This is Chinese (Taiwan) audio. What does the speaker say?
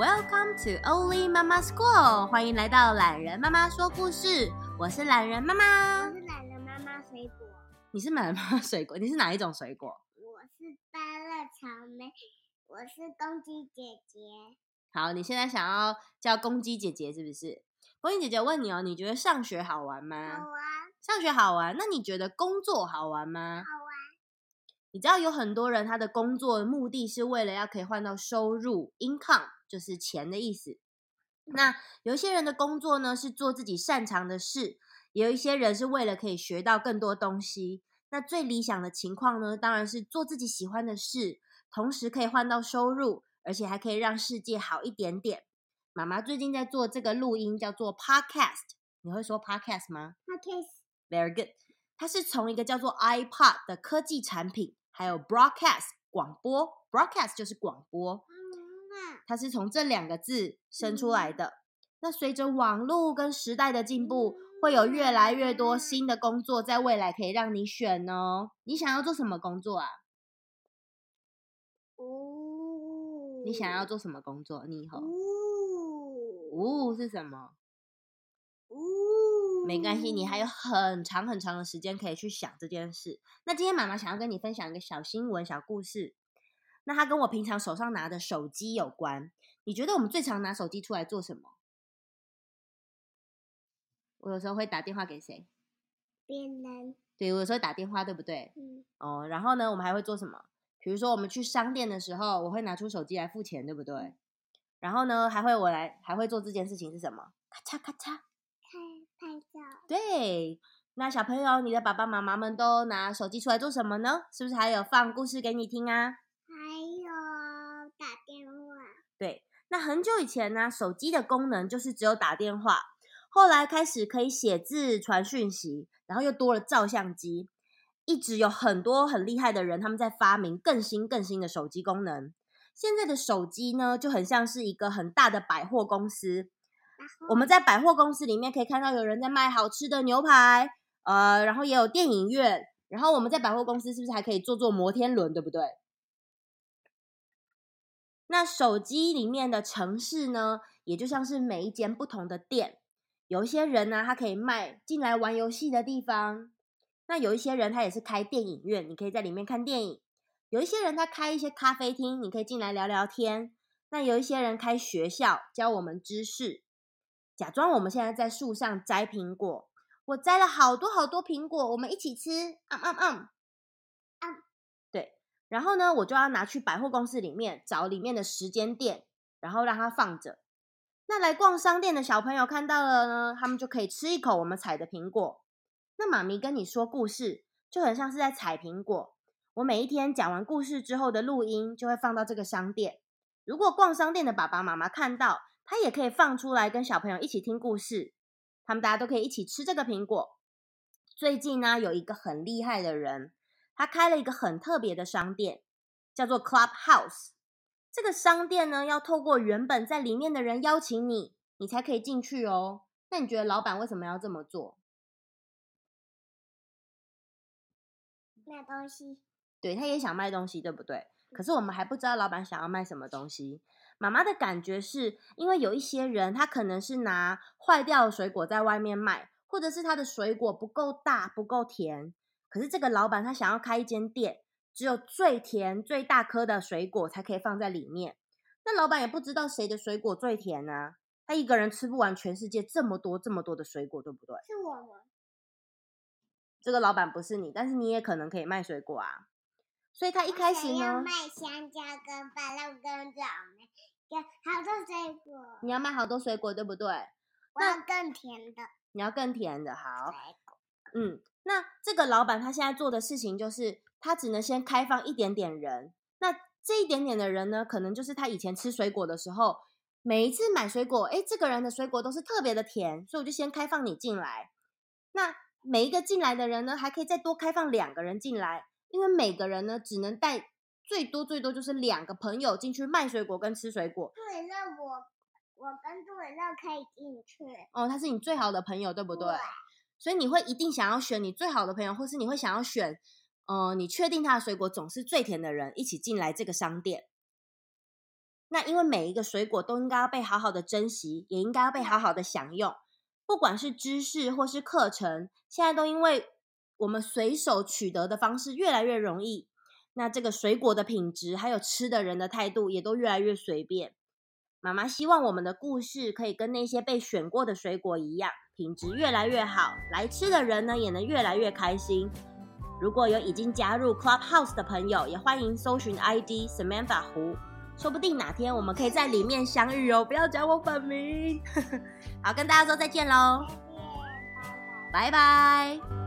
Welcome to Oli Mama School，歡迎來到欖仁媽媽說故事。我是欖仁媽媽，我是欖仁媽媽水果。你是欖仁媽媽水果，你是哪一種水果？我是芭樂草莓，我是公雞姐姐。好，你現在想要叫公雞姐姐是不是？公雞姐姐問你哦，你覺得上學好玩嗎？好玩。上學好玩，那你覺得工作好玩嗎？好玩。你知道有很多人，他的工作目的是為了要可以換到收入 （income） 就是錢的意思。那有一些人的工作呢是做自己擅長的事，也有一些人是為了可以學到更多東西。那最理想的情況呢，當然是做自己喜歡的事，同時可以換到收入，而且還可以讓世界好一點點。媽媽最近在做這個錄音，叫做 podcast。你會說 podcast 嗎？podcast，very good。它是從一個叫做 iPod 的科技產品。還有 broadcast 廣播，broadcast 就是廣播，它是從這兩個字生出來的。那隨着網絡跟時代的進步，會有越來越多新的工作在未來可以讓你選哦。你想要做什麼工作啊？你想要做什麼工作？你以後哦是什麼？哦。沒關係，你還有很長很長的時間可以去想這件事。那今天媽媽想要跟你分享一個小新聞、小故事。那它跟我平常手上拿的手機有關。你覺得我們最常拿手機出來做什麼？我有時候會打電話給誰？別人。對，我有時候會打電話，對不對？嗯。哦，然後呢，我們還會做什麼？比如說，我們去商店的時候，我會拿出手機來付錢，對不對？然後呢，還會我來，還會做這件事情是什麼？咔嚓咔嚓。對，那小朋友，你的爸爸媽媽們都拿手機出來做什麼呢？是不是還有放故事給你聽啊？還有打電話。對，那很久以前呢，手機的功能就是只有打電話，後來開始可以寫字、傳訊息，然後又多了照相機。一直有很多很厲害的人，他們在發明更新更新的手機功能。現在的手機呢，就很像是一個很大的百貨公司。我們在百貨公司裡面可以看到有人在賣好吃的牛排，呃，然後也有電影院。然後我們在百貨公司是不是還可以坐坐摩天輪，對不對？那手機裡面的城市呢，也就像是每一間不同的店。有一些人呢，他可以賣進來玩遊戲的地方；那有一些人他也是開電影院，你可以在裡面看電影；有一些人他開一些咖啡廳，你可以進來聊聊天；那有一些人開學校，教我們知識。假裝我們現在在樹上摘蘋果，我摘了好多好多蘋果，我們一起吃，嗯嗯嗯，嗯，對。然後呢，我就要拿去百貨公司裡面找裡面的時間店，然後讓它放着。那來逛商店的小朋友看到了呢，他們就可以吃一口我們採的蘋果。那媽咪跟你說故事，就很像是在採蘋果。我每一天講完故事之後的錄音，就會放到這個商店。如果逛商店的爸爸媽媽看到，他也可以放出來跟小朋友一起聽故事，他們大家都可以一起吃這個蘋果。最近呢、啊，有一個很厲害的人，他開了一個很特別的商店，叫做 Clubhouse。這個商店呢，要透過原本在裡面的人邀請你，你才可以進去哦。那你覺得老板為什麼要這麼做？賣東西。對，他也想賣東西，對不對？可是我們還不知道老板想要賣什麼東西。媽媽的感覺是，因為有一些人，他可能是拿壞掉的水果在外面賣，或者是他的水果不夠大、不夠甜。可是這個老板他想要開一間店，只有最甜、最大顆的水果才可以放在裡面。那老板也不知道誰的水果最甜呢，他一個人吃不完全世界這麼多、這麼多的水果，對不對？是我嗎？這個老板不是你，但是你也可能可以賣水果啊。所以他一開始呢，要賣香蕉跟芭樂跟草有好多水果，你要買好多水果，對不對？我要更甜的，你要更甜的，好。嗯，那這個老闆他現在做的事情就是，他只能先開放一點點人。那這一點點的人呢，可能就是他以前吃水果的時候，每一次買水果，誒，這個人的水果都是特別的甜，所以我就先開放你進來。那每一個進來的人呢，還可以再多開放兩個人進來，因為每個人呢，只能帶。最多最多就是兩個朋友進去賣水果跟吃水果。杜偉，我我跟杜偉樂可以進去。哦，他是你最好的朋友，對不對？對。所以你會一定想要選你最好的朋友，或是你會想要選，呃，你確定他的水果總是最甜的人一起進來這個商店。那因為每一個水果都應該要被好好的珍惜，也應該要被好好的享用。不管是知識或是課程，現在都因為我們隨手取得的方式越來越容易。那這個水果的品質，還有吃的人的態度，也都越來越隨便。媽媽希望我們的故事可以跟那些被選過的水果一樣，品質越來越好。來吃的人呢，也能越來越開心。如果有已經加入 Clubhouse 的朋友，也歡迎搜尋 ID Samantha 胡，說不定哪天我們可以在裡面相遇哦。不要講我本名，好，跟大家說再見嘍，拜拜。